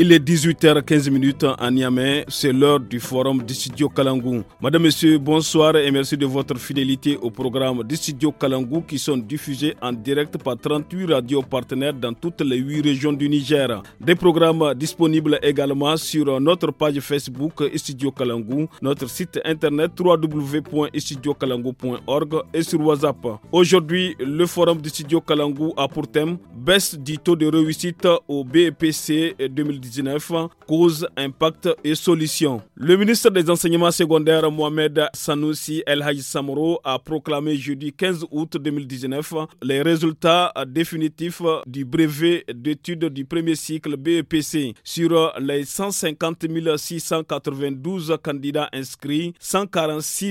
il est 18h15 à Niamey, c'est l'heure du forum d'Istudio Kalangou. Madame, Monsieur, bonsoir et merci de votre fidélité au programme d'Istudio Kalangou qui sont diffusés en direct par 38 radios partenaires dans toutes les 8 régions du Niger. Des programmes disponibles également sur notre page Facebook Studio Kalangou, notre site internet www.studiokalangou.org et sur WhatsApp. Aujourd'hui, le forum Studio Kalangou a pour thème baisse du taux de réussite au BEPC 2019. 19 cause, impact et solutions. Le ministre des Enseignements secondaires Mohamed Sanoussi El haj Samoro a proclamé jeudi 15 août 2019 les résultats définitifs du brevet d'études du premier cycle BEPC. Sur les 150 692 candidats inscrits, 146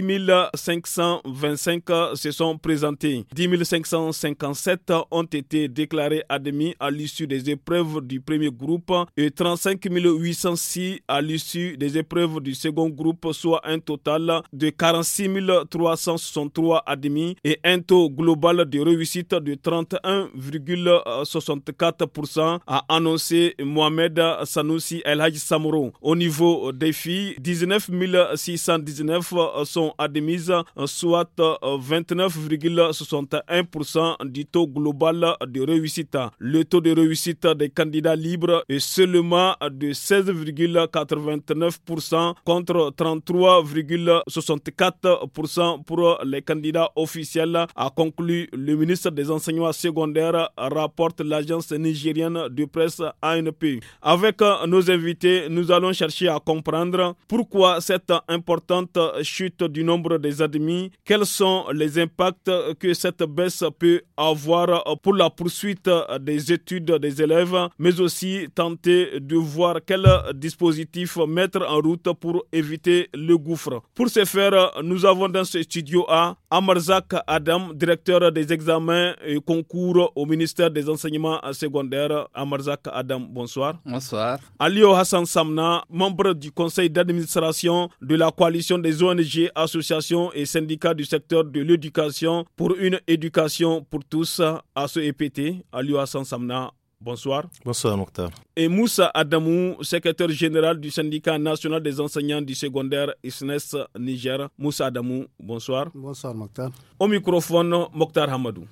525 se sont présentés. 10 557 ont été déclarés admis à l'issue des épreuves du premier groupe et 30 5806 à l'issue des épreuves du second groupe, soit un total de 46 363 admis et un taux global de réussite de 31,64% a annoncé Mohamed Sanoussi El Hadj Samoro. Au niveau des filles, 19 619 sont admises, soit 29,61% du taux global de réussite. Le taux de réussite des candidats libres est seulement de 16,89% contre 33,64% pour les candidats officiels, a conclu le ministre des Enseignements secondaires, rapporte l'agence nigérienne de presse ANP. Avec nos invités, nous allons chercher à comprendre pourquoi cette importante chute du nombre des admis, quels sont les impacts que cette baisse peut avoir pour la poursuite des études des élèves, mais aussi tenter de voir quel dispositif mettre en route pour éviter le gouffre. Pour ce faire, nous avons dans ce studio à Amarzak Adam, directeur des examens et concours au ministère des enseignements secondaires. Amarzak Adam, bonsoir. Bonsoir. Alio Hassan Samna, membre du conseil d'administration de la coalition des ONG, associations et syndicats du secteur de l'éducation pour une éducation pour tous à ce EPT. Alio Hassan Samna, Bonsoir. Bonsoir, Mokhtar. Et Moussa Adamou, secrétaire général du syndicat national des enseignants du secondaire ISNES e Niger. Moussa Adamou, bonsoir. Bonsoir, Mokhtar. Au microphone, Mokhtar Hamadou.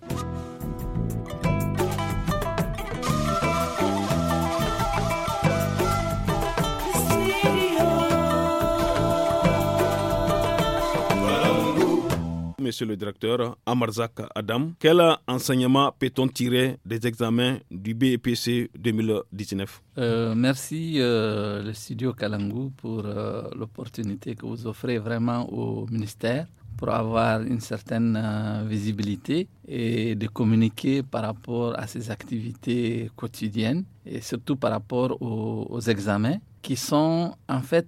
monsieur le directeur, Amarzak Adam, quel enseignement peut-on tirer des examens du BEPC 2019 euh, Merci euh, le studio Kalangu pour euh, l'opportunité que vous offrez vraiment au ministère pour avoir une certaine visibilité et de communiquer par rapport à ses activités quotidiennes et surtout par rapport aux examens qui sont en fait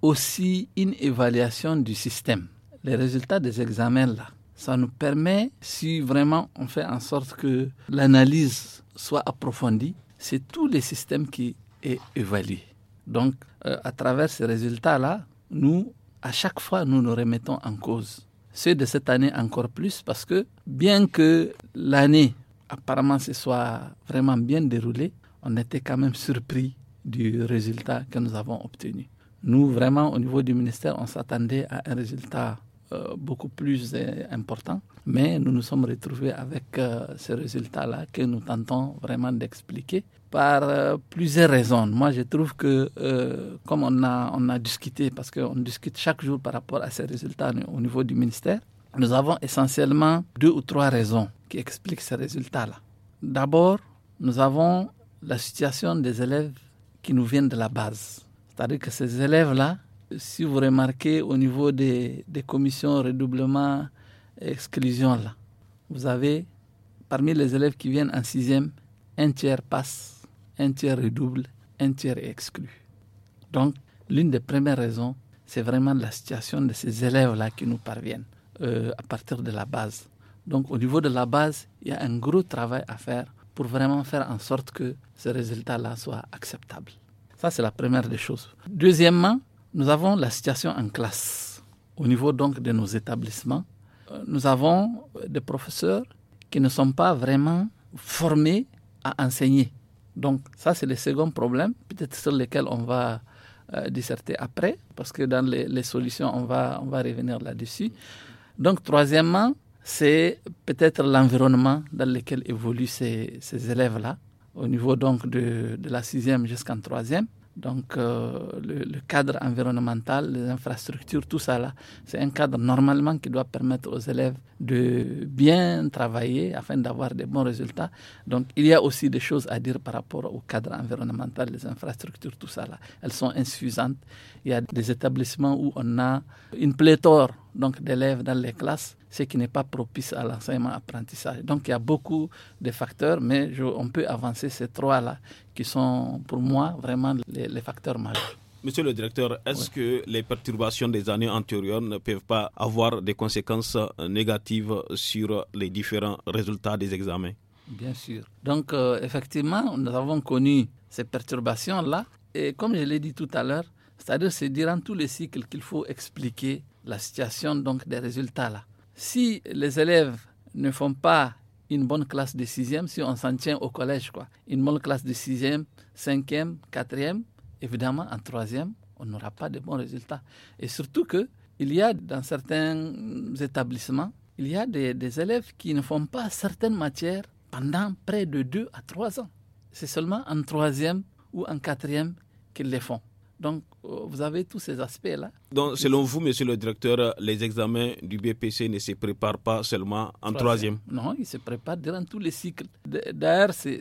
aussi une évaluation du système les résultats des examens là. Ça nous permet, si vraiment on fait en sorte que l'analyse soit approfondie, c'est tous les systèmes qui est évalué. Donc, euh, à travers ces résultats-là, nous, à chaque fois, nous nous remettons en cause. Ceux de cette année encore plus, parce que bien que l'année, apparemment, se soit vraiment bien déroulée, on était quand même surpris du résultat que nous avons obtenu. Nous, vraiment, au niveau du ministère, on s'attendait à un résultat euh, beaucoup plus euh, important. Mais nous nous sommes retrouvés avec euh, ces résultats là que nous tentons vraiment d'expliquer par plusieurs raisons. Moi, je trouve que, comme on a, on a discuté, parce qu'on discute chaque jour par rapport à ces résultats au niveau du ministère, nous avons essentiellement deux ou trois raisons qui expliquent ces résultats-là. D'abord, nous avons la situation des élèves qui nous viennent de la base. C'est-à-dire que ces élèves-là, si vous remarquez au niveau des, des commissions redoublement exclusion, là, vous avez parmi les élèves qui viennent en sixième, un tiers passe, un tiers redouble, un tiers est exclu. Donc, l'une des premières raisons, c'est vraiment la situation de ces élèves-là qui nous parviennent euh, à partir de la base. Donc, au niveau de la base, il y a un gros travail à faire pour vraiment faire en sorte que ce résultat-là soit acceptable. Ça, c'est la première des choses. Deuxièmement, nous avons la situation en classe. Au niveau donc de nos établissements, euh, nous avons euh, des professeurs qui ne sont pas vraiment formés à enseigner. Donc ça, c'est le second problème, peut-être sur lequel on va euh, disserter après, parce que dans les, solutions, on va, on va revenir là-dessus. Donc troisièmement, c'est peut-être l'environnement dans lequel évoluent ces, ces élèves-là, au niveau donc de, de la sixième jusqu'en troisième. Donc, euh, le, cadre environnemental, les infrastructures, tout ça là, c'est un cadre normalement qui doit permettre aux élèves de bien travailler afin d'avoir des bons résultats. Donc, il y a aussi des choses à dire par rapport au cadre environnemental, les infrastructures, tout ça là. Elles sont insuffisantes. Il y a des établissements où on a une pléthore donc d'élèves dans les classes, ce qui n'est pas propice à l'enseignement-apprentissage. Donc il y a beaucoup de facteurs, mais on peut avancer ces trois-là qui sont pour moi vraiment les, facteurs majeurs. Monsieur le directeur, est-ce que les perturbations des années antérieures ne peuvent pas avoir des conséquences négatives sur les différents résultats des examens Bien sûr. Donc euh, effectivement, nous avons connu ces perturbations-là. Et comme je l'ai dit tout à l'heure, c'est-à-dire c'est durant tous les cycles qu'il faut expliquer la situation donc des résultats là. Si les élèves ne font pas une bonne classe de sixième, si on s'en tient au collège quoi, une bonne classe de sixième, cinquième, quatrième, évidemment en troisième, on n'aura pas de bons résultats. Et surtout que il y a dans certains établissements, il y a des, des élèves qui ne font pas certaines matières pendant près de deux à trois ans. C'est seulement en troisième ou en quatrième qu'ils les font. Donc, euh, vous avez tous ces aspects-là. Donc, selon vous, monsieur le directeur, les examens du BPC ne se préparent pas seulement en troisième, Non, ils se préparent durant tous les cycles. D'ailleurs, c'est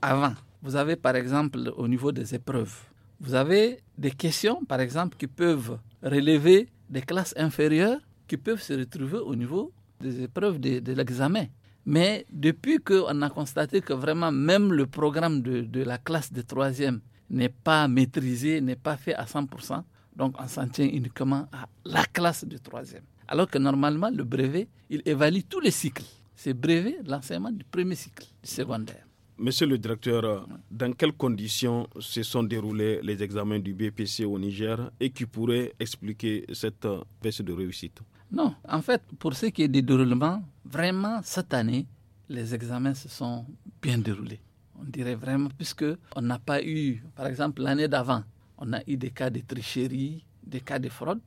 avant. Vous avez, par exemple, au niveau des épreuves, vous avez des questions, par exemple, qui peuvent relever des classes inférieures, qui peuvent se retrouver au niveau des épreuves de, l'examen. Mais depuis qu'on a constaté que vraiment même le programme de, de la classe de troisième n'est pas maîtrisé, n'est pas fait à 100%. Donc on s'en tient uniquement à la classe du troisième. Alors que normalement, le brevet, il évalue tous les cycles. C'est brevet l'enseignement du premier cycle, du secondaire. Monsieur le directeur, dans quelles conditions se sont déroulés les examens du BPC au Niger et qui pourrait expliquer cette euh, baisse de réussite Non, en fait, pour ce qui est des déroulements, vraiment cette année, les examens se sont bien déroulés on dirait vraiment, puisque on n'a pas eu, par exemple, l'année d'avant, on a eu des cas de tricherie, des cas de fraude,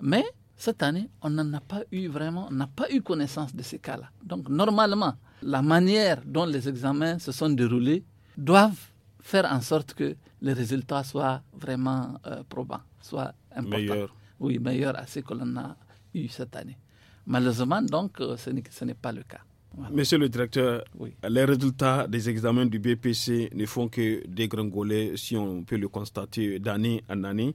mais cette année, on n'en a pas eu vraiment, on n'a pas eu connaissance de ces cas-là. Donc, normalement, la manière dont les examens se sont déroulés doivent faire en sorte que les résultats soient vraiment euh, probants, soient importants. Meilleur. Oui, meilleurs à ce que l'on a eu cette année. Malheureusement, donc, euh, ce n'est pas le cas. Monsieur le directeur, les résultats des examens du BPC ne font que dégringoler, si on peut le constater, d'année en année.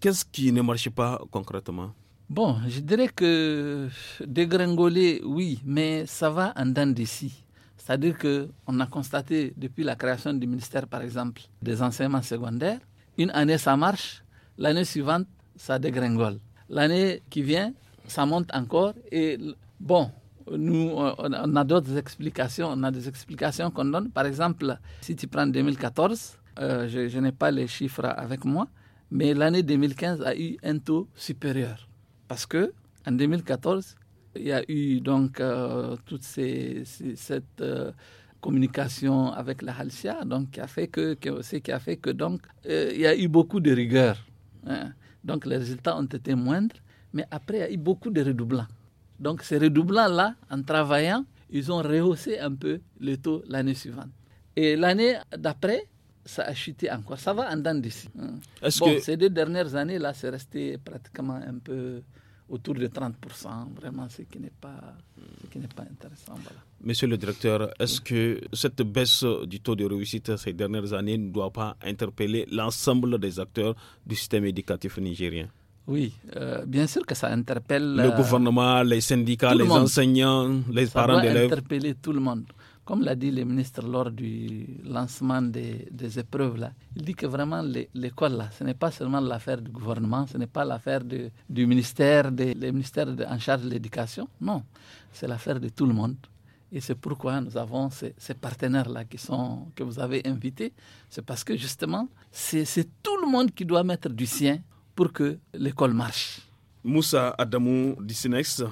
Qu'est-ce qui ne marche pas concrètement Bon, je dirais que dégringoler, oui, mais ça va en dents d'ici. C'est-à-dire qu'on a constaté depuis la création du ministère, par exemple, des enseignements secondaires, une année ça marche, l'année suivante ça dégringole. L'année qui vient, ça monte encore et bon, nous, on a d'autres explications. On a des explications qu'on donne. Par exemple, si tu prends 2014, euh, je, n'ai pas les chiffres avec moi, mais l'année 2015 a eu un taux supérieur. Parce que en 2014, il y a eu donc euh, toute cette euh, communication avec la Halcia, donc qui a fait que, qui a fait que donc il y a eu beaucoup de rigueur. Hein. Donc les résultats ont été moindres, mais après il y a eu beaucoup de redoublants. Donc ces redoublants-là, en travaillant, ils ont rehaussé un peu le taux l'année suivante. Et l'année d'après, ça a chuté encore. Ça va en dents d'ici. Hein. bon, Ces deux dernières années-là, c'est resté pratiquement un peu autour de 30%, vraiment, ce qui n'est pas, pas intéressant. Monsieur le directeur, est-ce que cette baisse du taux de réussite ces dernières années ne doit pas interpeller l'ensemble des acteurs du système éducatif nigérien oui, euh, bien sûr que ça interpelle. Le gouvernement, euh, les syndicats, les enseignants, les parents d'élèves. Ça va interpeller tout le monde. Comme l'a dit le ministre lors du lancement des, des épreuves, là, il dit que vraiment l'école, là, ce n'est pas seulement l'affaire du gouvernement, ce n'est pas l'affaire du ministère, des, ministères en charge de l'éducation. Non, c'est l'affaire de tout le monde. Et c'est pourquoi nous avons ces, ces partenaires-là qui sont, que vous avez invités. C'est parce que justement, c'est tout le monde qui doit mettre du sien pour que l'école marche. Moussa Adamou Dissinex,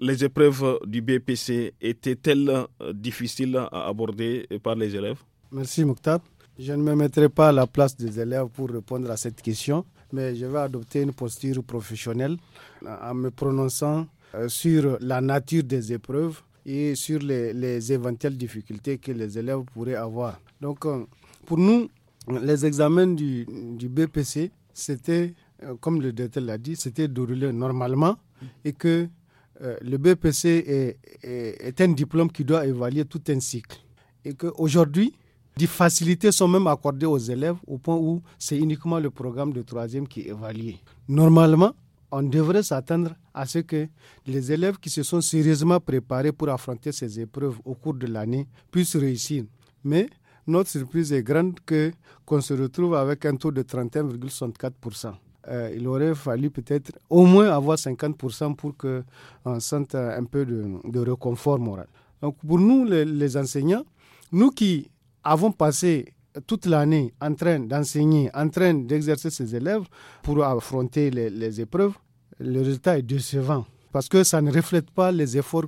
les épreuves du BPC étaient-elles euh, difficiles à aborder par les élèves Merci Mouktab. Je ne me mettrai pas à la place des élèves pour répondre à cette question, mais je vais adopter une posture professionnelle euh, en me prononçant euh, sur la nature des épreuves et sur les, éventuelles difficultés que les élèves pourraient avoir. Donc, pour nous, les examens du, du BPC, c'était euh, comme le DTL l'a dit, c'était déroulé normalement et que euh, le BPC est, un diplôme qui doit évaluer tout un cycle. Et qu'aujourd'hui, des facilités sont même accordées aux élèves au point où c'est uniquement le programme de troisième qui est évalué. Normalement, on devrait s'attendre à ce que les élèves qui se sont sérieusement préparés pour affronter ces épreuves au cours de l'année puissent réussir. Mais notre surprise est grande que qu'on se retrouve avec un taux de 31,64%. Euh, il aurait fallu peut-être au moins avoir 50% pour qu'on euh, sente un peu de, réconfort moral. Donc pour nous, les, enseignants, nous qui avons passé toute l'année en train d'enseigner, en train d'exercer ses élèves pour affronter les, épreuves, le résultat est décevant parce que ça ne reflète pas les efforts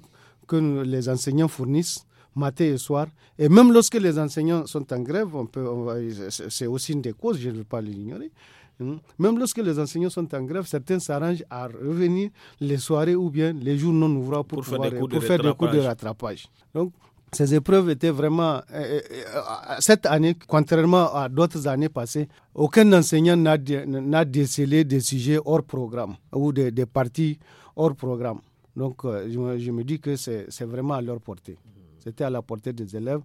que les enseignants fournissent matin et soir. Et même lorsque les enseignants sont en grève, c'est aussi une des causes, je ne veux pas l'ignorer, Hmm? Même lorsque les enseignants sont en grève, certains s'arrangent à revenir les soirées ou bien les jours non ouvrables pour, faire, des de cours de rattrapage. Donc, ces épreuves étaient vraiment, euh, euh, euh, cette année, contrairement à d'autres années passées, aucun enseignant n'a décelé des sujets hors programme ou des, parties hors programme. Donc, je, me, dis que c'est vraiment à leur portée. C'était à la portée des élèves.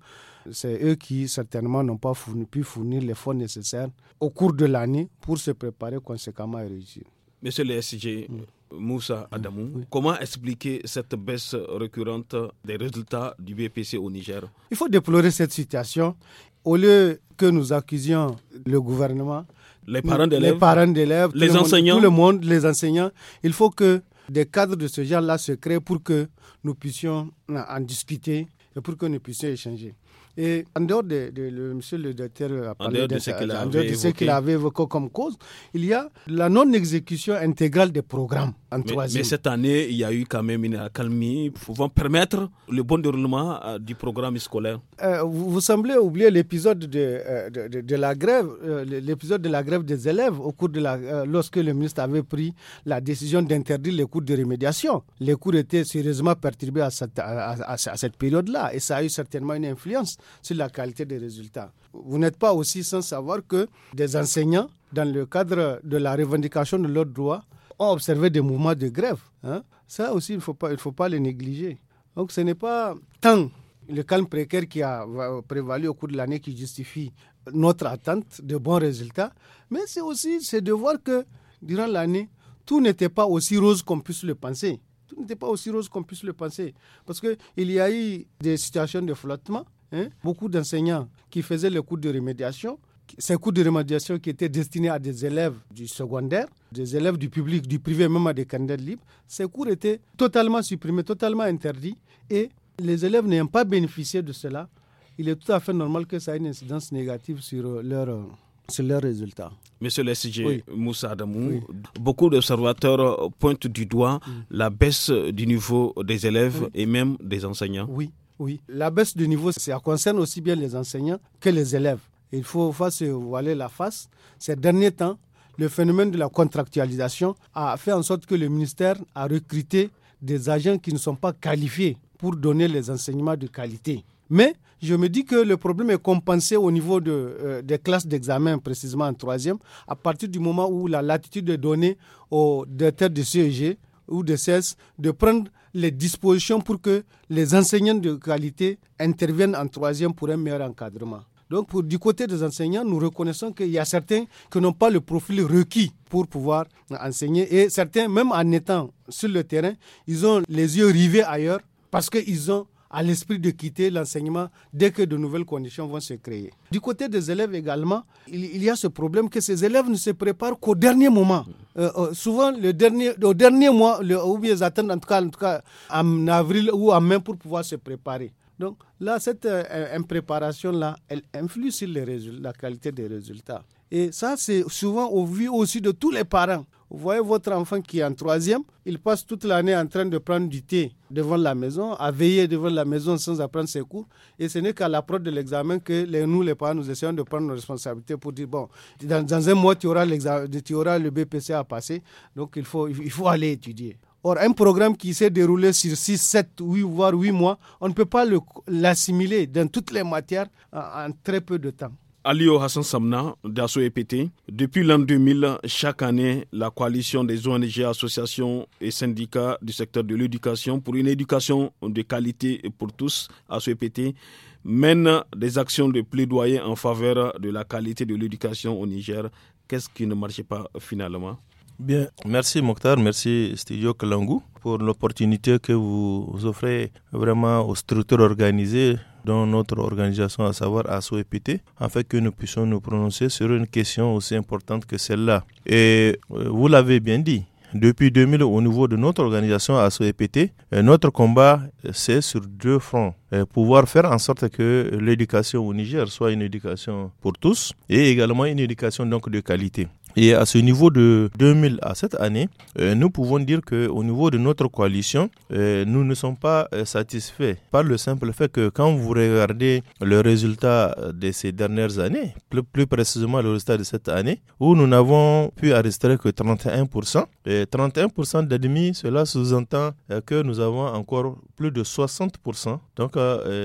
C'est eux qui, certainement, n'ont pas fourni, pu fournir les fonds nécessaires au cours de l'année pour se préparer conséquemment à réussir. Monsieur le SG, mm. Moussa Adamou, mm. comment expliquer cette baisse récurrente des résultats du BPC au Niger Il faut déplorer cette situation. Au lieu que nous accusions le gouvernement, les parents d'élèves, les, parents d'élèves, enseignants, tout le monde, les enseignants, il faut que des cadres de ce genre-là se créent pour que nous puissions en discuter et pour que nous puissions échanger. Et en dehors de, monsieur le de, ce qu'il avait, évoqué comme cause, il y a la non-exécution intégrale des programmes en troisième. Mais cette année, il y a eu quand même une accalmie pouvant permettre le bon déroulement euh, du programme scolaire. Euh, vous, semblez oublier l'épisode de, euh, la grève, l'épisode de la grève des élèves au cours de la, lorsque le ministre avait pris la décision d'interdire les cours de rémédiation. Les cours étaient sérieusement perturbés à à cette période-là et ça a eu certainement une influence sur la qualité des résultats. Vous n'êtes pas aussi sans savoir que des enseignants, dans le cadre de la revendication de leurs droits, ont observé des mouvements de grève. Hein. Ça aussi, il ne faut, pas, les négliger. Donc ce n'est pas tant le calme précaire qui a prévalu au cours de l'année qui justifie notre attente de bons résultats, mais c'est aussi de voir que durant l'année, tout n'était pas aussi rose qu'on puisse le penser. Tout n'était pas aussi rose qu'on puisse le penser. Parce qu'il y a eu des situations de flottement, Hein? beaucoup d'enseignants qui faisaient les cours de remédiation, ces cours de remédiation qui étaient destinés à des élèves du secondaire, des élèves du public, du privé, même à des candidats libres, ces cours étaient totalement supprimés, totalement interdits. Et les élèves n'ayant pas bénéficié de cela, il est tout à fait normal que ça ait une incidence négative sur euh, leur euh, leurs résultats. Monsieur le SG Moussa Adamou, beaucoup d'observateurs euh, pointent du doigt mm. la baisse du niveau des élèves et même des enseignants. Oui, oui, la baisse du niveau, ça concerne aussi bien les enseignants que les élèves. Il faut pas se voiler la face. Ces derniers temps, le phénomène de la contractualisation a fait en sorte que le ministère a recruté des agents qui ne sont pas qualifiés pour donner les enseignements de qualité. Mais je me dis que le problème est compensé au niveau de, euh, des classes d'examen, précisément en troisième, à partir du moment où la latitude est donnée aux directeurs de CEG ou de cesse de prendre les dispositions pour que les enseignants de qualité interviennent en troisième pour un meilleur encadrement. Donc, pour, du côté des enseignants, nous reconnaissons qu'il y a certains qui n'ont pas le profil requis pour pouvoir enseigner. Et certains, même en étant sur le terrain, ils ont les yeux rivés ailleurs parce qu'ils ont à l'esprit de quitter l'enseignement dès que de nouvelles conditions vont se créer. Du côté des élèves également, il, y a ce problème que ces élèves ne se préparent qu'au dernier moment. Euh, euh, souvent, le dernier, au dernier mois, le, ou bien ils attendent en tout, cas, en tout cas en avril ou en mai pour pouvoir se préparer. Donc là, cette préparation euh, impréparation-là, elle influe sur la qualité des résultats. Et ça, c'est souvent au vu aussi de tous les parents. Vous voyez votre enfant qui est en troisième, il passe toute l'année en train de prendre du thé devant la maison, à veiller devant la maison sans apprendre ses cours. Et ce n'est qu'à l'approche de l'examen que nous, les parents, nous essayons de prendre nos responsabilités pour dire, bon, dans, un mois, tu auras, le BPC à passer, donc il faut, il faut aller étudier. Or, un programme qui s'est déroulé sur 6, 7, voire huit mois, on ne peut pas l'assimiler dans toutes les matières en très peu de temps. Alio Hassan Samna d'Asso EPT. Depuis l'an 2000, chaque année, la coalition des ONG, associations et syndicats du secteur de l'éducation pour une éducation de qualité pour tous, AsoEPT mène des actions de plaidoyer en faveur de la qualité de l'éducation au Niger. Qu'est-ce qui ne marchait pas finalement Bien, merci Mokhtar, merci Studio Kalangu pour l'opportunité que vous offrez vraiment aux structures organisées dans notre organisation, à savoir ASOEPT, afin que nous puissions nous prononcer sur une question aussi importante que celle-là. Et euh, vous l'avez bien dit, depuis 2000, au niveau de notre organisation ASOEPT, euh, notre combat, euh, c'est sur deux fronts. Pouvoir faire en sorte que l'éducation au Niger soit une éducation pour tous et également une éducation donc de qualité. Et à ce niveau de 2000 à cette année, euh, nous pouvons dire qu'au niveau de notre coalition, euh, nous ne sommes pas euh, satisfaits par le simple fait que quand vous regardez le résultat de ces dernières années, plus, précisément le résultat de cette année, où nous n'avons pu arrêter que 31%, et 31% d'admis, cela sous-entend que nous avons encore plus de 60% donc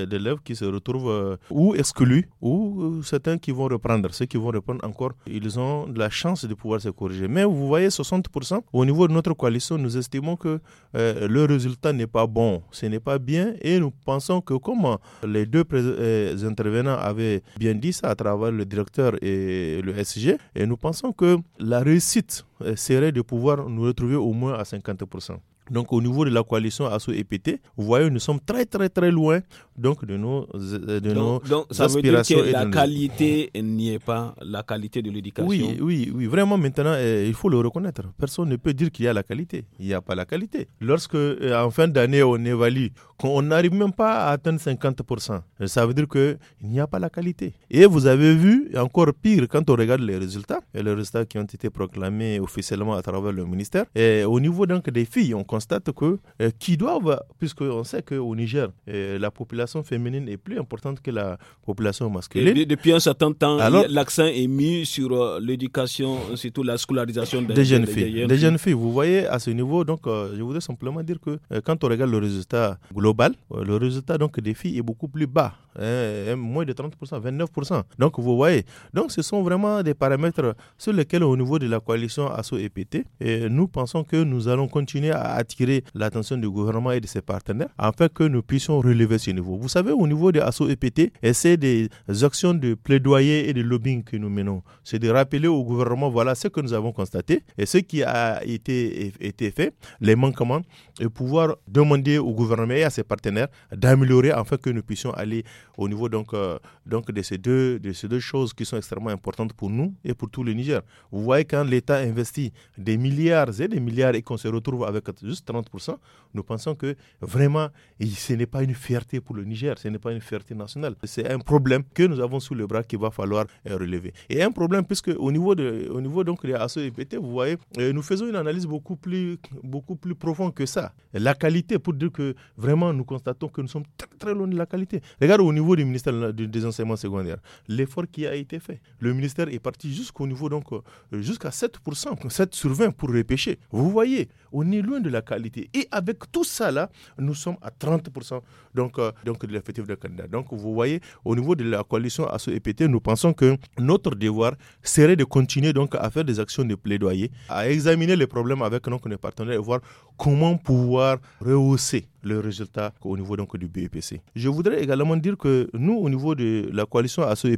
d'élèves qui se retrouvent ou exclus ou certains qui vont reprendre. Ceux qui vont reprendre encore, ils ont de la chance de pouvoir se corriger. Mais vous voyez, 60%, au niveau de notre coalition, nous estimons que euh, le résultat n'est pas bon, ce n'est pas bien, et nous pensons que comme les deux euh, intervenants avaient bien dit ça à travers le directeur et le SG, et nous pensons que la réussite euh, serait de pouvoir nous retrouver au moins à 50%. Donc au niveau de la coalition ASSO-EPT, vous voyez, nous sommes très très très loin donc de nos de donc, ça Veut dire que la qualité n'y est pas, la qualité de l'éducation. Oui oui oui, vraiment maintenant eh, il faut le reconnaître. Personne ne peut dire qu'il y a la qualité. Il n'y a pas la qualité. Lorsque eh, en fin d'année on évalue qu'on n'arrive même pas à atteindre 50%, eh, ça veut dire que il n'y a pas la qualité. Et vous avez vu encore pire quand on regarde les résultats, et les résultats qui ont été proclamés officiellement à travers le ministère. Et au niveau donc des filles, on constate que euh, qui doivent, puisqu'on sait qu'au Niger, euh, la population féminine est plus importante que la population masculine. depuis un certain temps, l'accent est mis sur euh, l'éducation, surtout la scolarisation des, jeunes filles. Des, jeunes filles. Vous voyez, à ce niveau, donc, je voudrais simplement dire que quand on regarde le résultat global, le résultat donc, des filles est beaucoup plus bas, hein, hein, moins de 30%, 29%. Donc, vous voyez, donc, ce sont vraiment des paramètres sur lesquels, au niveau de la coalition ASSO-EPT, nous pensons que nous allons continuer à attirer l'attention du gouvernement et de ses partenaires afin que nous puissions relever ce niveau. Vous savez, au niveau des l'ASOEPT, EPT, et c'est des actions de plaidoyer et de lobbying que nous menons. C'est de rappeler au gouvernement, voilà ce que nous avons constaté et ce qui a été, été fait, les manquements, et pouvoir demander au gouvernement et à ses partenaires d'améliorer afin que nous puissions aller au niveau donc, euh, donc de, ces deux, de ces deux choses qui sont extrêmement importantes pour nous et pour tout le Niger. Vous voyez quand l'État investit des milliards et des milliards et qu'on se retrouve avec 30%, nous pensons que vraiment, ce n'est pas une fierté pour le Niger, ce n'est pas une fierté nationale. C'est un problème que nous avons sous le bras qu'il va falloir euh, relever. Et un problème, puisque au niveau, de, au niveau donc, e vous voyez, euh, nous faisons une analyse beaucoup plus, beaucoup plus profonde que ça. La qualité, pour dire que vraiment, nous constatons que nous sommes très, très loin de la qualité. Regarde au niveau du ministère des enseignements secondaires, l'effort qui a été fait. Le ministère est parti jusqu'au niveau, donc, euh, jusqu'à 7%, 7 sur 20 pour repêcher. Vous voyez, on est loin de la qualité. Et avec tout ça là, nous sommes à 30% donc, euh, donc de l'effectif de candidat. Donc vous voyez, au niveau de la coalition à ept nous pensons que notre devoir serait de continuer donc à faire des actions de plaidoyer, à examiner les problèmes avec nos partenaires et voir comment pouvoir rehausser le résultat au niveau donc du BEPC. Je voudrais également dire que nous, au niveau de la coalition aso e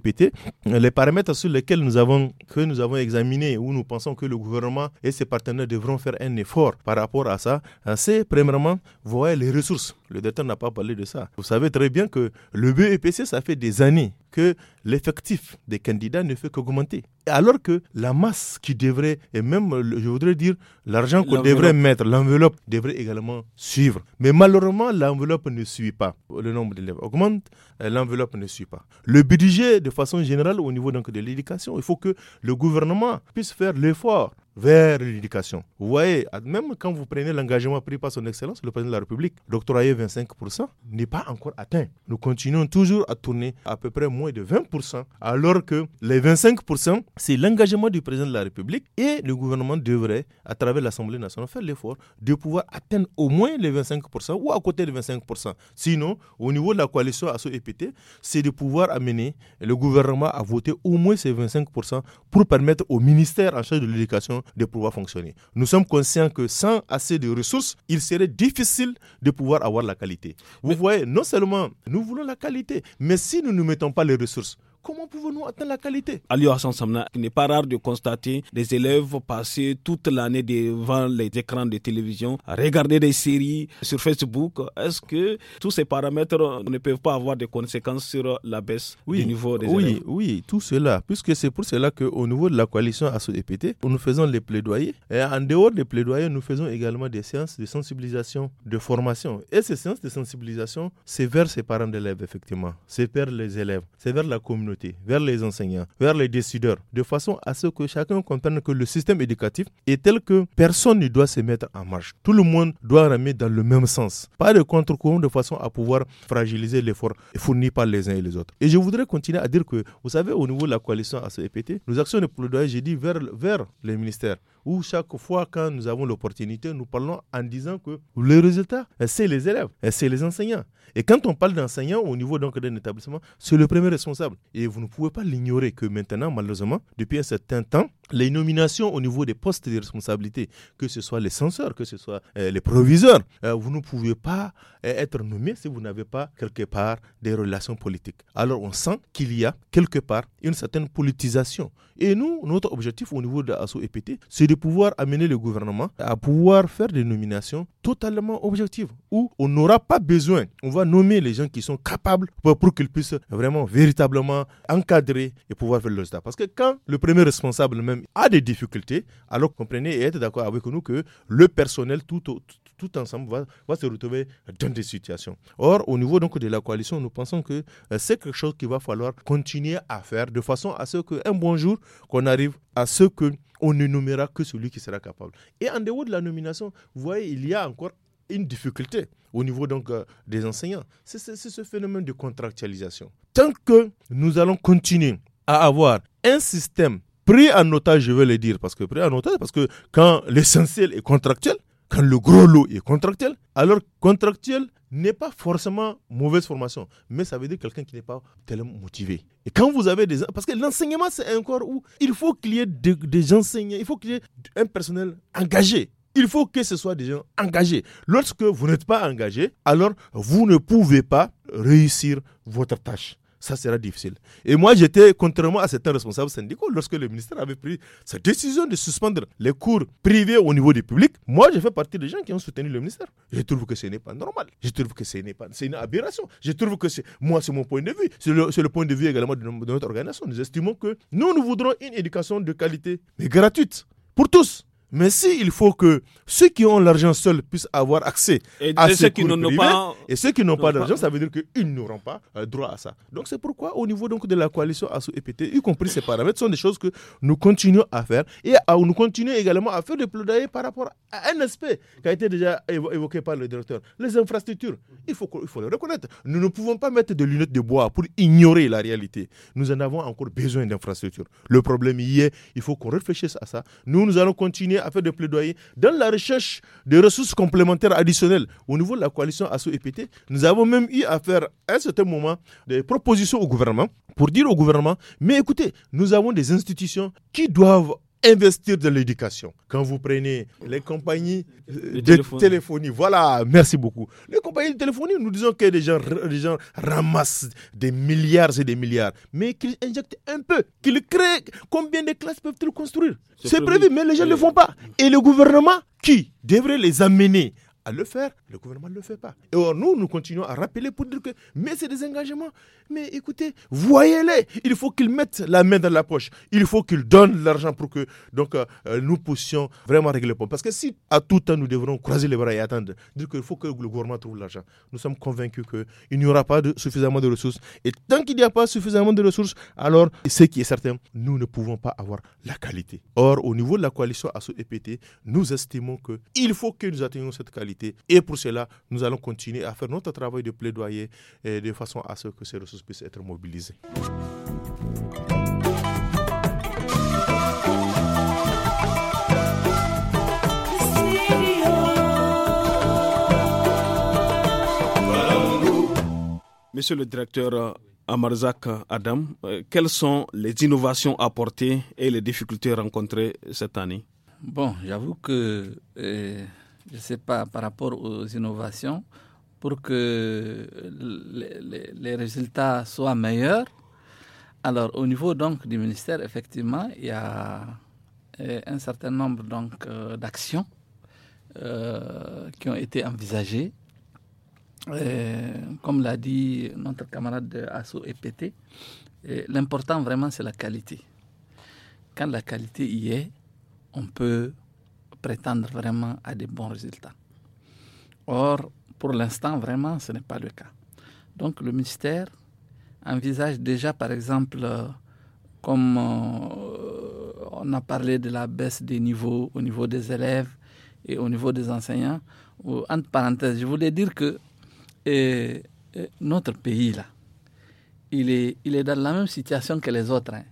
les paramètres sur lesquels nous avons, que nous avons examiné où nous pensons que le gouvernement et ses partenaires devront faire un effort par rapport à ça, euh, c'est premièrement, voir les ressources le député n'a pas parlé de ça. Vous savez très bien que le BEPC, ça fait des années que l'effectif des candidats ne fait qu'augmenter. Alors que la masse qui devrait, et même, je voudrais dire, l'argent qu'on devrait mettre, l'enveloppe, devrait également suivre. Mais malheureusement, l'enveloppe ne suit pas. Le nombre d'élèves augmente, euh, l'enveloppe ne suit pas. Le budget, de façon générale, au niveau donc, de l'éducation, il faut que le gouvernement puisse faire l'effort vers l'éducation. Vous voyez, même quand vous prenez l'engagement pris par son Excellence, le président de la République, d'octroyer 25% n'est pas encore atteint. Nous continuons toujours à tourner à peu près moins de 20%, alors que les 25%, c'est l'engagement du président de la République et le gouvernement devrait, à travers l'Assemblée nationale, faire l'effort de pouvoir atteindre au moins les 25% ou à côté des 25%. Sinon, au niveau de la coalition à ce EPT, c'est de pouvoir amener le gouvernement à voter au moins ces 25% pour permettre au ministère en charge de l'éducation de pouvoir fonctionner. Nous sommes conscients que sans assez de ressources, il serait difficile de pouvoir avoir la qualité. Vous voyez, non seulement nous voulons la qualité, mais si nous ne mettons pas les ressources, comment pouvons-nous atteindre la qualité Hassan il n'est pas rare de constater des élèves passer toute l'année devant les écrans de télévision, à regarder des séries sur Facebook. Est-ce que tous ces paramètres ne peuvent pas avoir des conséquences sur la baisse du niveau des oui, élèves Oui, tout cela, puisque c'est pour cela qu'au niveau de la coalition ASOEPT, nous faisons les plaidoyers. Et en dehors des plaidoyers, nous faisons également des séances de sensibilisation, de formation. Et ces séances de sensibilisation, c'est vers ces parents d'élèves, effectivement. C'est vers les élèves, c'est vers la communauté vers les enseignants, vers les décideurs, de façon à ce que chacun comprenne que le système éducatif est tel que personne ne doit se mettre en marche. Tout le monde doit ramener dans le même sens. Pas de contre-courant de façon à pouvoir fragiliser l'effort fourni par les uns et les autres. Et je voudrais continuer à dire que, vous savez, au niveau de la coalition nous nos actions le pas, j'ai dit vers, vers les ministères, où chaque fois quand nous avons l'opportunité, nous parlons en disant que le résultat, euh, c'est les élèves, euh, c'est les enseignants. Et quand on parle d'enseignants au niveau donc d'un établissement, c'est le premier responsable. Et vous ne pouvez pas l'ignorer que maintenant, malheureusement, depuis un certain temps, les nominations au niveau des postes de responsabilité, que ce soit les censeurs, que ce soit euh, les proviseurs, vous ne pouvez pas être nommé si vous n'avez pas quelque part des relations politiques. Alors on sent qu'il y a quelque part une certaine politisation. Et nous, notre objectif au niveau de l'ASSO-EPT, c'est de pouvoir amener le gouvernement à pouvoir faire des nominations totalement objectives où on n'aura pas besoin, on va nommer les gens qui sont capables pour, qu'ils puissent vraiment, véritablement encadrer et pouvoir faire le résultat. Parce que quand le premier responsable même a des difficultés, alors comprenez et êtes d'accord avec nous que le personnel tout, tout tout ensemble, va, se retrouver dans des situations. Or, au niveau donc de la coalition, nous pensons que euh, c'est quelque chose qu'il va falloir continuer à faire de façon à ce qu'un bon jour, qu'on arrive à ce que on ne nommera que celui qui sera capable. Et en dehors de la nomination, vous voyez, il y a encore une difficulté au niveau donc euh, des enseignants. C'est ce phénomène de contractualisation. Tant que nous allons continuer à avoir un système pris en otage, je veux le dire, parce que pris en otage, parce que quand l'essentiel est contractuel, quand le gros lot est contractuel, alors contractuel n'est pas forcément mauvaise formation, mais ça veut dire quelqu'un qui n'est pas tellement motivé. Et quand vous avez des... Parce que l'enseignement, c'est un corps où il faut qu'il y ait des enseignants, il faut qu'il y ait un personnel engagé. Il faut que ce soit des gens engagés. Lorsque vous n'êtes pas engagé, alors vous ne pouvez pas réussir votre tâche ça sera difficile. Et moi, j'étais, contrairement à certains responsables syndicaux, lorsque le ministère avait pris sa décision de suspendre les cours privés au niveau du public, moi, j'ai fait partie des gens qui ont soutenu le ministère. Je trouve que ce n'est pas normal. Je trouve que ce n'est pas, c'est une aberration. Je trouve que c'est, moi, c'est mon point de vue. C'est le, le, point de vue également de, de notre organisation. Nous estimons que nous, nous voudrons une éducation de qualité, mais gratuite, pour tous. Mais si il faut que ceux qui ont l'argent seuls puissent avoir accès à ces cours pas, et ceux qui n'ont pas d'argent, ça veut dire qu'ils n'auront pas euh, droit à ça. Donc c'est pourquoi au niveau donc de la coalition ASSO-EPT, y compris ces paramètres, sont des choses que nous continuons à faire et nous continuons également à faire des plaidoyers par rapport à un aspect qui a été déjà évoqué par le directeur, les infrastructures. Il faut, il faut le reconnaître. Nous ne pouvons pas mettre des lunettes de bois pour ignorer la réalité. Nous en avons encore besoin d'infrastructures. Le problème y est, il faut qu'on réfléchisse à ça. Nous, nous allons continuer à faire des plaidoyers. Dans la recherche de ressources complémentaires additionnelles au niveau de la coalition ASSO-EPT, nous avons même eu à faire à un certain moment des propositions au gouvernement pour dire au gouvernement, mais écoutez, nous avons des institutions qui doivent investir dans l'éducation. Quand vous prenez les compagnies euh, de téléphonie. voilà, merci beaucoup. Les compagnies de téléphonie, nous disons que les gens, les gens ramassent des milliards et des milliards, mais qu'ils injectent un peu, qu'ils créent. Combien de classes peuvent-ils construire C'est prévu, mais les gens ne le font pas. Et le gouvernement, qui devrait les amener le faire, le gouvernement ne le fait pas. Et or, nous, nous continuons à rappeler pour dire que, mais c'est des engagements. Mais écoutez, voyez-les. Il faut qu'ils mettent la main dans la poche. Il faut qu'ils donnent l'argent pour que donc, euh, euh, nous puissions vraiment régler le problème. Parce que si à tout temps nous devrons croiser les bras et attendre, dire qu'il faut que le gouvernement trouve l'argent, nous sommes convaincus qu'il n'y aura pas de, suffisamment de ressources. Et tant qu'il n'y a pas suffisamment de ressources, alors ce qui est certain, nous ne pouvons pas avoir la qualité. Or, au niveau de la coalition ASSO-EPT, nous estimons qu'il faut que nous atteignions cette qualité. Et pour cela, nous allons continuer à faire notre travail de plaidoyer eh, de façon à ce que ces ressources puissent être mobilisées. Monsieur le directeur euh, Amarzak Adam, euh, quelles sont les innovations apportées et les difficultés rencontrées cette année Bon, j'avoue que euh, je ne sais pas, par rapport aux innovations, pour que les, résultats soient meilleurs. Alors, au niveau donc du ministère, effectivement, il y a euh, un certain nombre donc euh, d'actions euh, qui ont été envisagées. comme l'a dit notre camarade de Asso EPT, l'important vraiment c'est la qualité. Quand la qualité y est, on peut prétendre vraiment à des bons résultats. Or, pour l'instant, vraiment, ce n'est pas le cas. Donc, le ministère envisage déjà, par exemple, euh, comme euh, on a parlé de la baisse des niveaux au niveau des élèves et au niveau des enseignants, entre parenthèses, je voulais dire que euh, notre pays, là, il est, il est dans la même situation que les autres. Hein.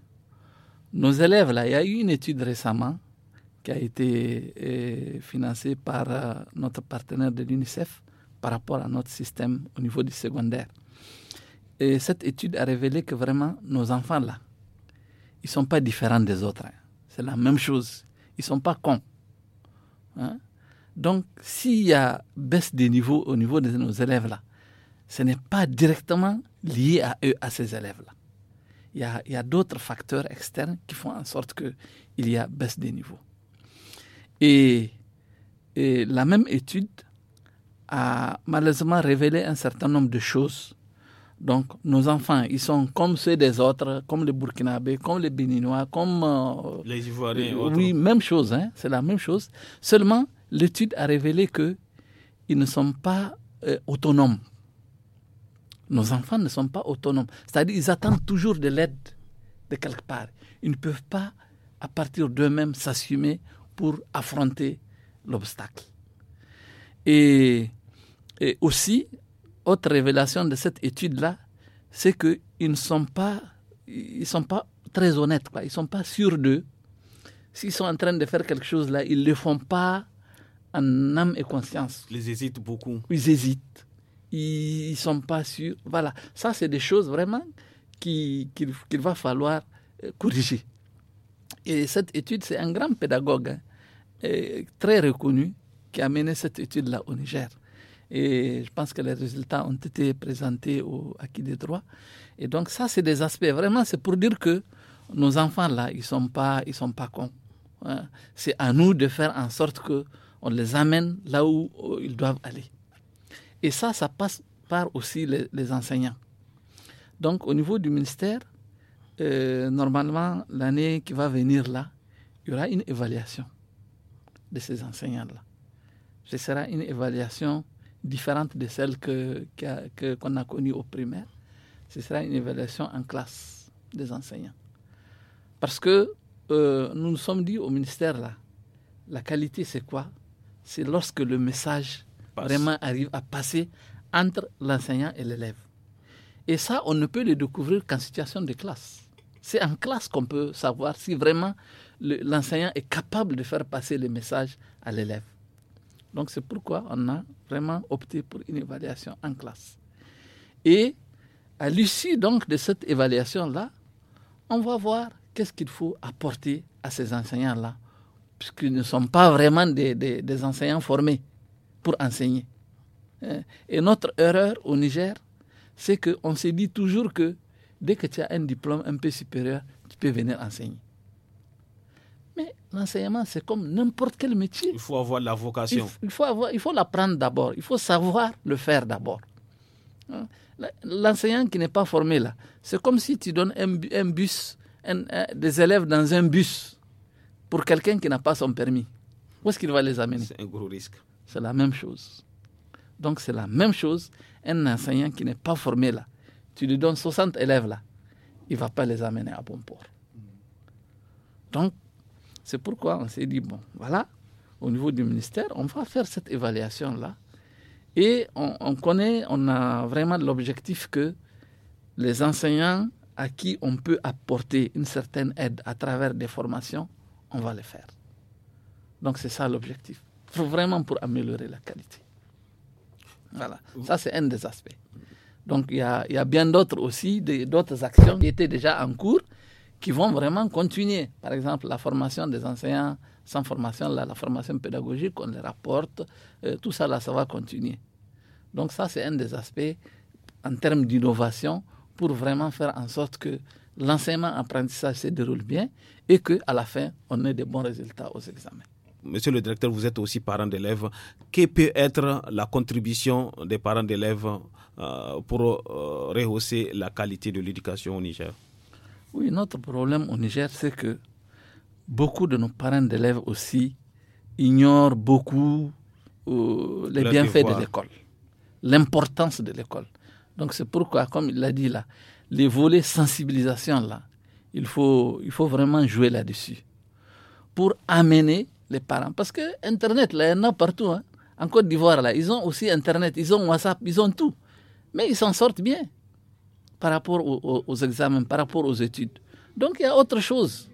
Nos élèves, là, il y a eu une étude récemment qui a été euh, financé par euh, notre partenaire de l'UNICEF par rapport à notre système au niveau du secondaire. Et cette étude a révélé que vraiment, nos enfants-là, ils ne sont pas différents des autres. Hein. C'est la même chose. Ils ne sont pas cons. Hein. Donc, s'il y a baisse des niveaux au niveau de nos élèves-là, ce n'est pas directement lié à eux, à ces élèves-là. Il y a, a d'autres facteurs externes qui font en sorte qu'il y a baisse des niveaux. Et, la même étude a malheureusement révélé un certain nombre de choses. Donc, nos enfants, ils sont comme ceux des autres, comme les Burkinabés, comme les Béninois, comme. Euh, les Ivoiriens. Euh, oui, même chose, hein, c'est la même chose. Seulement, l'étude a révélé qu'ils ne sont pas euh, autonomes. Nos enfants ne sont pas autonomes. C'est-à-dire ils attendent toujours de l'aide de quelque part. Ils ne peuvent pas, à partir d'eux-mêmes, s'assumer pour affronter l'obstacle. Et, et, aussi, autre révélation de cette étude-là, c'est qu'ils ne sont pas, ils sont pas très honnêtes, quoi. ils ne sont pas sûrs d'eux. S'ils sont en train de faire quelque chose là, ils ne le font pas en âme et conscience. Ils hésitent beaucoup. Ils hésitent. Ils ne sont pas sûrs. Voilà, ça c'est des choses vraiment qu'il va falloir euh, corriger. Et cette étude, c'est un grand pédagogue. Hein très reconnu qui a mené cette étude-là au Niger. Et je pense que les résultats ont été présentés au acquis des droits. Et donc ça, c'est des aspects. Vraiment, c'est pour dire que nos enfants, là, ils ne sont, pas, ils sont pas cons. Hein. C'est à nous de faire en sorte que on les amène là où euh, ils doivent aller. Et ça, ça passe par aussi les, enseignants. Donc au niveau du ministère, euh, normalement, l'année qui va venir là, il y aura une évaluation de ces enseignants-là. Ce sera une évaluation différente de celle qu'on que, a, a connue au primaire. Ce sera une évaluation en classe des enseignants. Parce que euh, nous nous sommes dit au ministère, là, la qualité, c'est quoi C'est lorsque le message vraiment arrive à passer entre l'enseignant et l'élève. Et ça, on ne peut le découvrir qu'en situation de classe. C'est en classe qu'on peut savoir si vraiment l'enseignant est capable de faire passer le message à l'élève. Donc c'est pourquoi on a vraiment opté pour une évaluation en classe. Et à l'issue donc de cette évaluation-là, on va voir qu'est-ce qu'il faut apporter à ces enseignants-là, puisqu'ils ne sont pas vraiment des, des enseignants formés pour enseigner. Hein? Et notre erreur au Niger, c'est qu'on se dit toujours que dès que tu as un diplôme un peu supérieur, tu peux venir enseigner. Mais l'enseignement, c'est comme n'importe quel métier. Il faut avoir la vocation. Il, faut, avoir, il faut l'apprendre d'abord. Il faut savoir le faire d'abord. Hein? L'enseignant qui n'est pas formé là, c'est comme si tu donnes un, bus, des élèves dans un bus pour quelqu'un qui n'a pas son permis. Où est-ce qu'il va les amener C'est un gros risque. C'est la même chose. Donc c'est la même chose. Un enseignant qui n'est pas formé là, tu lui donnes 60 élèves là, il ne va pas les amener à bon port. Mm. Donc c'est pourquoi on s'est dit, bon, voilà, au niveau du ministère, on va faire cette évaluation-là. Et on, connaît, on a vraiment l'objectif que les enseignants à qui on peut apporter une certaine aide à travers des formations, on va les faire. Donc c'est ça l'objectif, vraiment pour améliorer la qualité. Voilà, ça c'est un des aspects. Donc il y a, y a, bien d'autres aussi, d'autres actions qui étaient déjà en cours, qui vont vraiment continuer. Par exemple, la formation des enseignants sans formation, la, formation pédagogique, on les rapporte, euh, tout ça, là, ça va continuer. Donc ça, c'est un des aspects en termes d'innovation pour vraiment faire en sorte que l'enseignement-apprentissage se déroule bien et qu'à la fin, on ait de bons résultats aux examens. Monsieur le directeur, vous êtes aussi parent d'élèves. Quelle peut être la contribution des parents d'élèves euh, pour euh, rehausser la qualité de l'éducation au Niger oui, notre problème au Niger, c'est que beaucoup de nos parents d'élèves aussi ignorent beaucoup euh, les bienfaits de l'école, l'importance de l'école. Donc c'est pourquoi, comme il l'a dit là, les volets sensibilisation là, il faut, il faut vraiment jouer là-dessus pour amener les parents. Parce que Internet, là, il y en a partout. Hein. En Côte d'Ivoire, là, ils ont aussi Internet, ils ont WhatsApp, ils ont tout. Mais ils s'en sortent bien par rapport aux, examens, par rapport aux études. Donc il y a autre chose.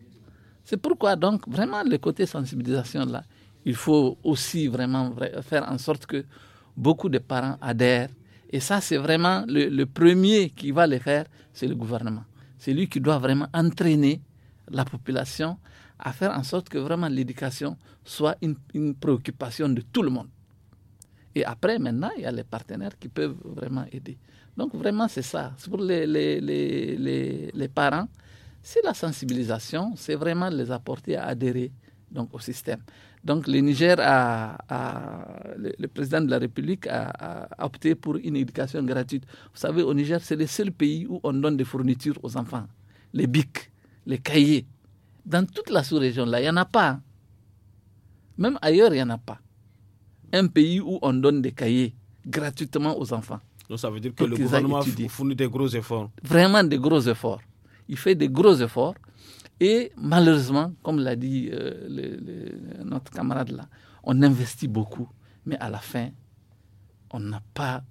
C'est pourquoi donc vraiment le côté sensibilisation là, il faut aussi vraiment faire en sorte que beaucoup de parents adhèrent. Et ça c'est vraiment le, premier qui va le faire, c'est le gouvernement. C'est lui qui doit vraiment entraîner la population à faire en sorte que vraiment l'éducation soit une préoccupation de tout le monde. Et après maintenant il y a les partenaires qui peuvent vraiment aider. Donc vraiment, c'est ça. Pour les, les, parents, c'est la sensibilisation, c'est vraiment les apporter à adhérer donc, au système. Donc le Niger a, le, président de la République a, opté pour une éducation gratuite. Vous savez, au Niger, c'est le seul pays où on donne des fournitures aux enfants, les bics, les cahiers. Dans toute la sous-région, là, il n'y en a pas. Hein. Même ailleurs, il n'y en a pas. Un pays où on donne des cahiers gratuitement aux enfants. Donc ça veut dire que le gouvernement fournit des gros efforts. Vraiment des gros efforts. Il fait des gros efforts. Et malheureusement, comme l'a dit euh, notre camarade là, on investit beaucoup, mais à la fin, on n'a pas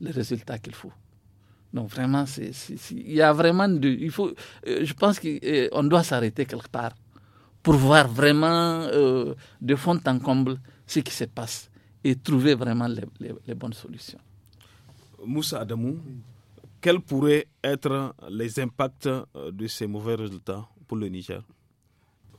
les résultats qu'il faut. Donc vraiment, il y a vraiment de, il faut, euh, je pense qu'on doit s'arrêter quelque part pour voir vraiment euh, de fond en comble ce qui se passe et trouver vraiment les bonnes solutions. Moussa Adamou, quels pourraient être les impacts euh, de ces mauvais résultats pour le Niger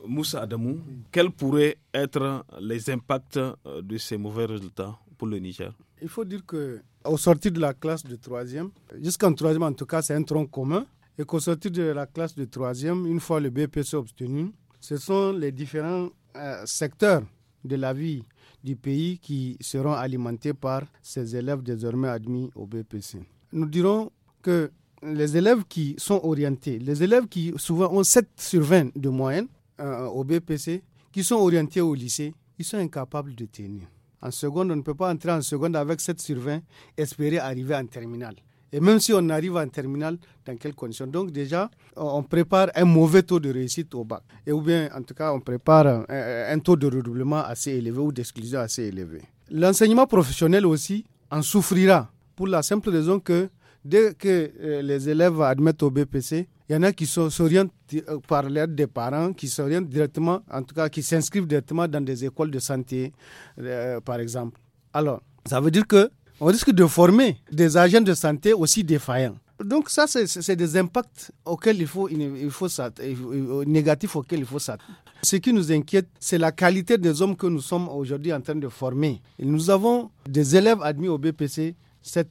Moussa Adamou, quels pourraient être les impacts euh, de ces mauvais résultats pour le Niger Il faut dire que au sortir de la classe de troisième, jusqu'en troisième en tout cas, c'est un tronc commun, et qu'au sortir de la classe de troisième, une fois le BPC obtenu, ce sont les différents euh, secteurs de la vie du pays qui seront alimentés par ces élèves désormais admis au BPC. Nous dirons que les élèves qui sont orientés, les élèves qui souvent ont 7 sur 20 de moyenne euh, au BPC, qui sont orientés au lycée, ils sont incapables de tenir. En seconde, on ne peut pas entrer en seconde avec 7 sur 20, espérer arriver en terminale. Et même si on arrive en terminale, dans quelles conditions Donc déjà, on prépare un mauvais taux de réussite au bac. Et ou bien, en tout cas, on prépare un, taux de redoublement assez élevé ou d'exclusion assez élevé. L'enseignement professionnel aussi en souffrira pour la simple raison que dès que euh, les élèves admettent au BPC, il y en a qui s'orientent euh, par l'aide des parents, qui s'orientent directement, en tout cas qui s'inscrivent directement dans des écoles de santé, euh, par exemple. Alors, ça veut dire que on risque de former des agents de santé aussi défaillants. Donc ça, c'est des impacts auxquels il faut, il faut négatifs auxquels il faut s'attendre. Ce qui nous inquiète, c'est la qualité des hommes que nous sommes aujourd'hui en train de former. nous avons des élèves admis au BPC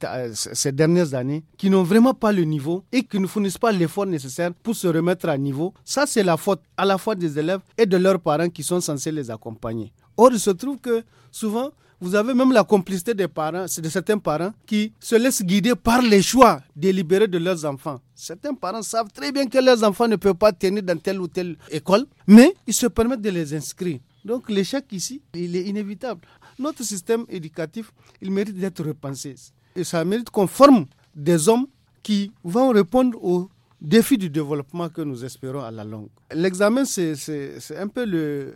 euh, ces dernières années qui n'ont vraiment pas le niveau et qui ne fournissent pas l'effort nécessaire pour se remettre à niveau. Ça, c'est la faute à la fois des élèves et de leurs parents qui sont censés les accompagner. Or, il se trouve que souvent, vous avez même la complicité des parents, de certains parents qui se laissent guider par les choix délibérés de leurs enfants. Certains parents savent très bien que leurs enfants ne peuvent pas tenir dans telle ou telle école, mais ils se permettent de les inscrire. Donc l'échec ici, il est inévitable. Notre système éducatif, il mérite d'être repensé. Et ça mérite qu'on forme des hommes qui vont répondre aux défi du développement que nous espérons à la longue. L'examen, c'est un peu euh,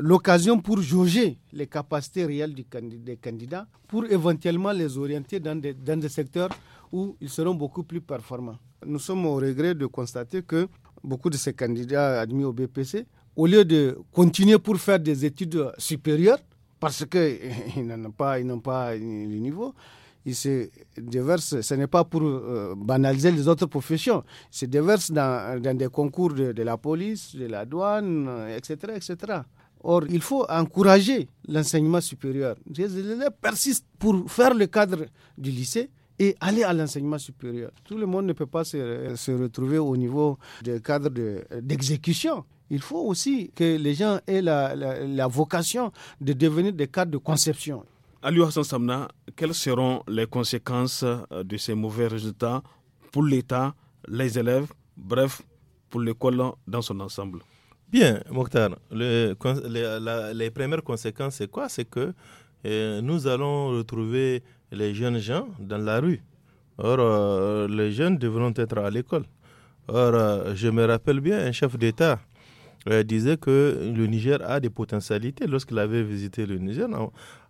l'occasion pour jauger les capacités réelles des candidats pour éventuellement les orienter dans des, dans des, secteurs où ils seront beaucoup plus performants. Nous sommes au regret de constater que beaucoup de ces candidats admis au BPC, au lieu de continuer pour faire des études supérieures, parce qu'ils n'ont pas, ils pas le niveau, ils se déversent, ce n'est pas pour euh, banaliser les autres professions, ils se déversent dans, des concours de, la police, de la douane, etc. Euh, etc. Or, il faut encourager l'enseignement supérieur. Les élèves persistent pour faire le cadre du lycée et aller à l'enseignement supérieur. Tout le monde ne peut pas se, retrouver au niveau du cadre d'exécution. il faut aussi que les gens aient la, la vocation de devenir des cadres de conception. Aliou Hassan Samna, quelles seront les conséquences euh, de ces mauvais résultats pour l'État, les élèves, bref, pour l'école dans son ensemble Bien, Mokhtar, les premières conséquences, c'est quoi C'est que euh, nous allons retrouver les jeunes gens dans la rue. Or, euh, les jeunes devront être à l'école. Or, je me rappelle bien, un chef d'État disait que le Niger a des potentialités lorsqu'il avait visité le Niger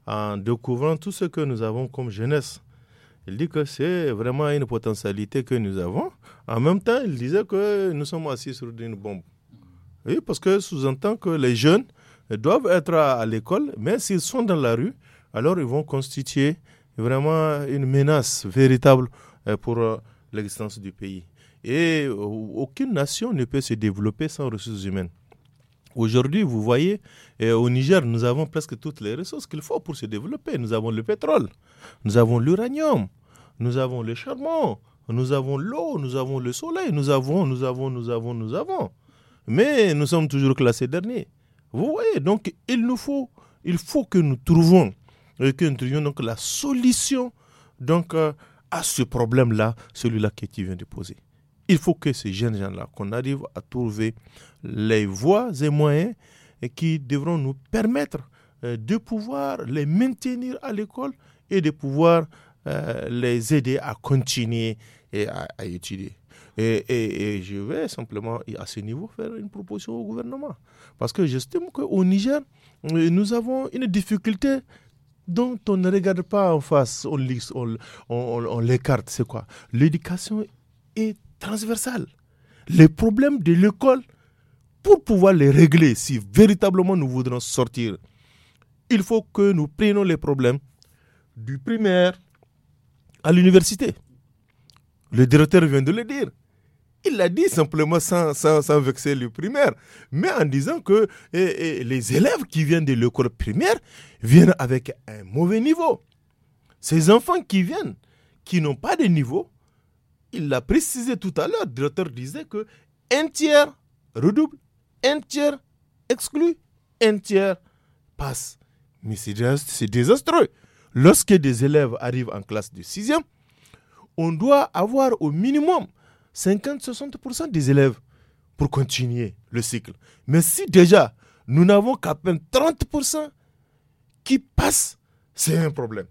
en découvrant tout ce que nous avons comme jeunesse. Il dit que c'est vraiment une potentialité que nous avons. En même temps, il disait que nous sommes assis sur une bombe. Oui, parce que sous-entend que les jeunes doivent être à l'école, mais s'ils sont dans la rue, alors ils vont constituer vraiment une menace véritable euh, pour euh, l'existence du pays. Et euh, aucune nation ne peut se développer sans ressources humaines. Aujourd'hui, vous voyez, au Niger, nous avons presque toutes les ressources qu'il faut pour se développer. Nous avons le pétrole, nous avons l'uranium, nous avons le charbon, nous avons l'eau, nous avons le soleil, nous avons, nous avons, nous avons, nous avons. Mais nous sommes toujours classés derniers. Vous voyez, donc il nous faut, il faut que nous trouvions, euh, que nous trouvions donc la solution donc, euh, à ce problème-là, celui-là que tu viens de poser. Il faut que ces jeunes gens-là, qu'on arrive à trouver les voies et moyens qui devront nous permettre euh, de pouvoir les maintenir à l'école et de pouvoir euh, les aider à continuer et à, étudier. Et, je vais simplement, à ce niveau, faire une proposition au gouvernement. Parce que j'estime qu'au Niger, euh, nous avons une difficulté dont on ne regarde pas en face, on, on l'écarte. C'est quoi L'éducation est transversal. Les problèmes de l'école, pour pouvoir les régler, si véritablement nous voudrons sortir, il faut que nous prenions les problèmes du primaire à l'université. Le directeur vient de le dire. Il l'a dit simplement sans, vexer le primaire, mais en disant que eh, eh, les élèves qui viennent de l'école primaire viennent avec un mauvais niveau. Ces enfants qui viennent, qui n'ont pas de niveau, il l'a précisé tout à l'heure, le directeur disait que un tiers redouble, un tiers exclut, un tiers passe. Mais c'est désastreux. Lorsque des élèves arrivent en classe de 6e, on doit avoir au minimum 50-60% des élèves pour continuer le cycle. Mais si déjà nous n'avons qu'à peine 30% qui passent, c'est un problème.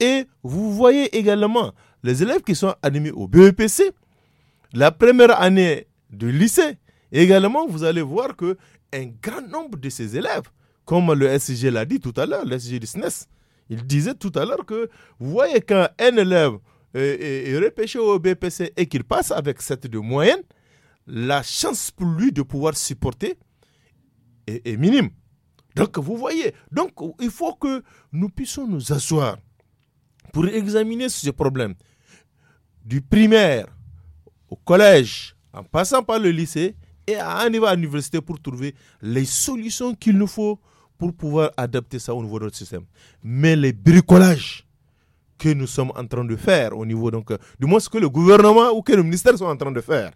Et vous voyez également les élèves qui sont admis au BEPC, la première année du lycée, également, vous allez voir que un grand nombre de ces élèves, comme le SG l'a dit tout à l'heure, le SG de SNES, il disait tout à l'heure que, vous voyez, quand un élève est, repêché au BPC e et qu'il passe avec cette de moyenne, la chance pour lui de pouvoir supporter est, est minime. Donc, vous voyez, donc il faut que nous puissions nous asseoir pour examiner ce problème du primaire au collège, en passant par le lycée et à niveau à l'université pour trouver les solutions qu'il nous faut pour pouvoir adapter ça au niveau de notre système. Mais les bricolages que nous sommes en train de faire au niveau, donc, euh, du moins ce que le gouvernement ou que le ministère sont en train de faire,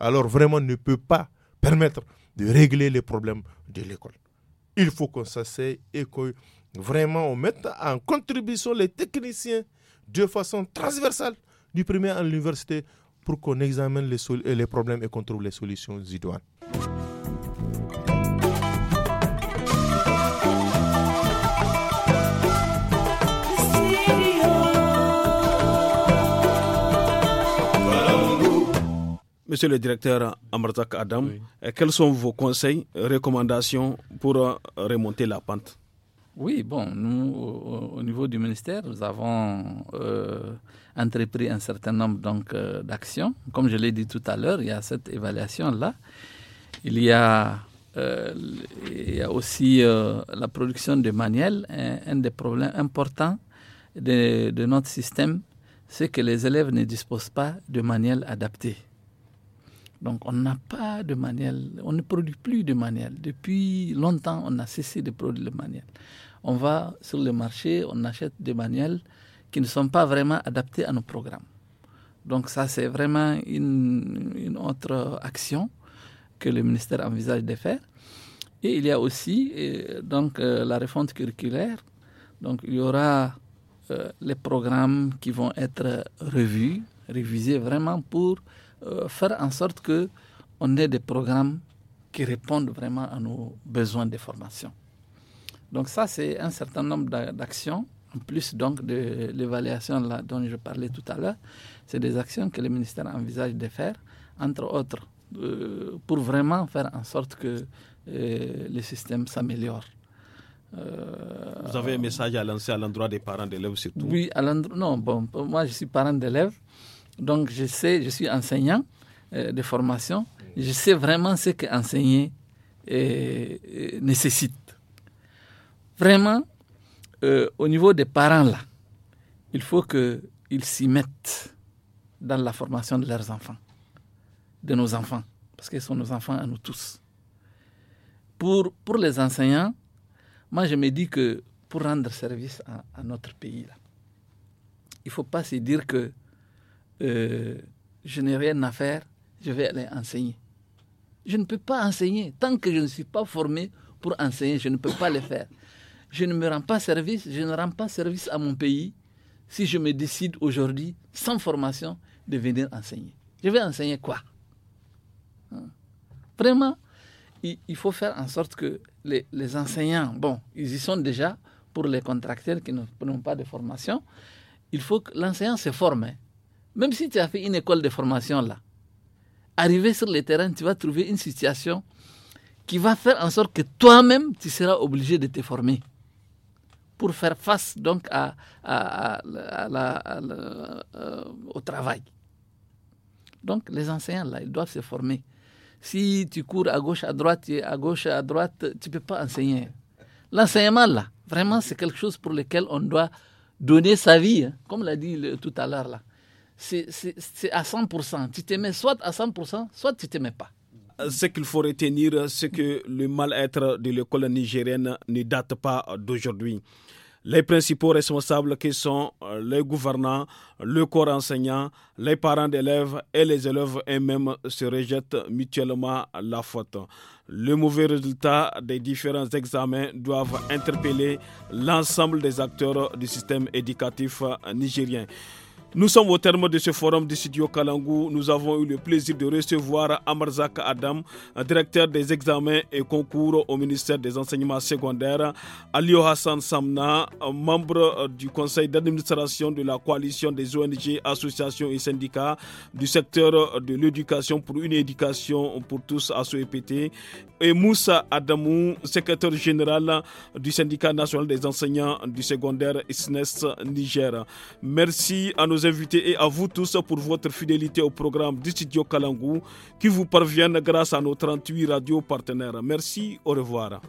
alors vraiment ne peut pas permettre de régler les problèmes de l'école. Il faut qu'on s'asseye et que vraiment on mette en contribution les techniciens de façon transversale du premier à l'université, pour qu'on examine les, problèmes et qu'on trouve les solutions idoines. Monsieur le directeur Amartak Adam, euh, quels sont vos conseils, recommandations pour euh, remonter la pente oui, bon, nous, au, niveau du ministère, nous avons euh, entrepris un certain nombre donc euh, d'actions. Comme je l'ai dit tout à l'heure, il y a cette évaluation-là. Il y a euh, aussi la production de manuels, un, des problèmes importants de, notre système, c'est que les élèves ne disposent pas de manuels adaptés. Donc on n'a pas de manuels, on ne produit plus de manuels. Depuis longtemps, on a cessé de produire de manuel on va sur le marché, on achète des manuels qui ne sont pas vraiment adaptés à nos programmes. Donc ça, c'est vraiment une, autre action que le ministère envisage de faire. Et il y a aussi euh, donc euh, la réforme curriculaire. Donc il y aura euh, les programmes qui vont être revus, révisés vraiment pour faire en sorte qu'on ait des programmes qui répondent vraiment à nos besoins de formation. Donc ça, c'est un certain nombre d'actions, en plus donc de l'évaluation dont je parlais tout à l'heure. C'est des actions que le ministère envisage de faire, entre autres, euh, pour vraiment faire en sorte que euh, le système s'améliore. Euh, Vous avez un message à lancer à l'endroit des parents d'élèves surtout Oui, à l'endroit. Non, bon, moi je suis parent d'élèves, donc je sais, je suis enseignant de formation, je sais vraiment ce qu'enseigner nécessite vraiment, euh, au niveau des parents, là, il faut qu'ils s'y mettent dans la formation de leurs enfants, de nos enfants, parce qu'ils sont nos enfants à nous tous. Pour, pour les enseignants, moi je me dis que pour rendre service à, notre pays, là, il ne faut pas se dire que euh, je n'ai rien à faire, je vais aller enseigner. Je ne peux pas enseigner. Tant que je ne suis pas formé pour enseigner, je ne peux pas le faire je ne me rends pas service, je ne rends pas service à mon pays si je me décide aujourd'hui, sans formation, de venir enseigner. Je vais enseigner quoi hein? Vraiment, il, faut faire en sorte que les, enseignants, bon, ils y sont déjà pour les contracteurs qui ne prennent pas de formation. Il faut que l'enseignant se forme. Hein. Même si tu as fait une école de formation là, arrivé sur le terrain, tu vas trouver une situation qui va faire en sorte que toi-même, tu seras obligé de te former pour faire face donc euh, au travail. Donc les enseignants, là, ils doivent se former. Si tu cours à gauche, à droite, à gauche, à droite, tu ne peux pas enseigner. L'enseignement, là, vraiment, c'est quelque chose pour lequel on doit donner sa vie, hein. comme l'a dit tout à l'heure, là. C'est à 100%. Tu te mets soit à 100%, soit tu ne te mets pas ce qu'il faut retenir, c'est que le mal-être de l'école nigérienne ne date pas d'aujourd'hui. Les principaux responsables qui sont euh, les gouvernants, le corps enseignant, les parents d'élèves et les élèves eux-mêmes se rejettent mutuellement la faute. Le mauvais résultat des différents examens doivent interpeller l'ensemble des acteurs du système éducatif nigérien. Nous sommes au terme de ce forum du studio Kalangou. Nous avons eu le plaisir de recevoir Amarzak Adam, directeur des examens et concours au ministère des Enseignements secondaires, Alio Hassan Samna, membre euh, du conseil d'administration de la coalition des ONG, associations et syndicats du secteur euh, de l'éducation pour une éducation pour tous à SOEPT, et Moussa Adamou, secrétaire général du syndicat national des enseignants du secondaire SNES e Niger. Merci à nos invités et à vous tous pour votre fidélité au programme du studio qui vous parviennent grâce à nos 38 radios partenaires. Merci, au revoir.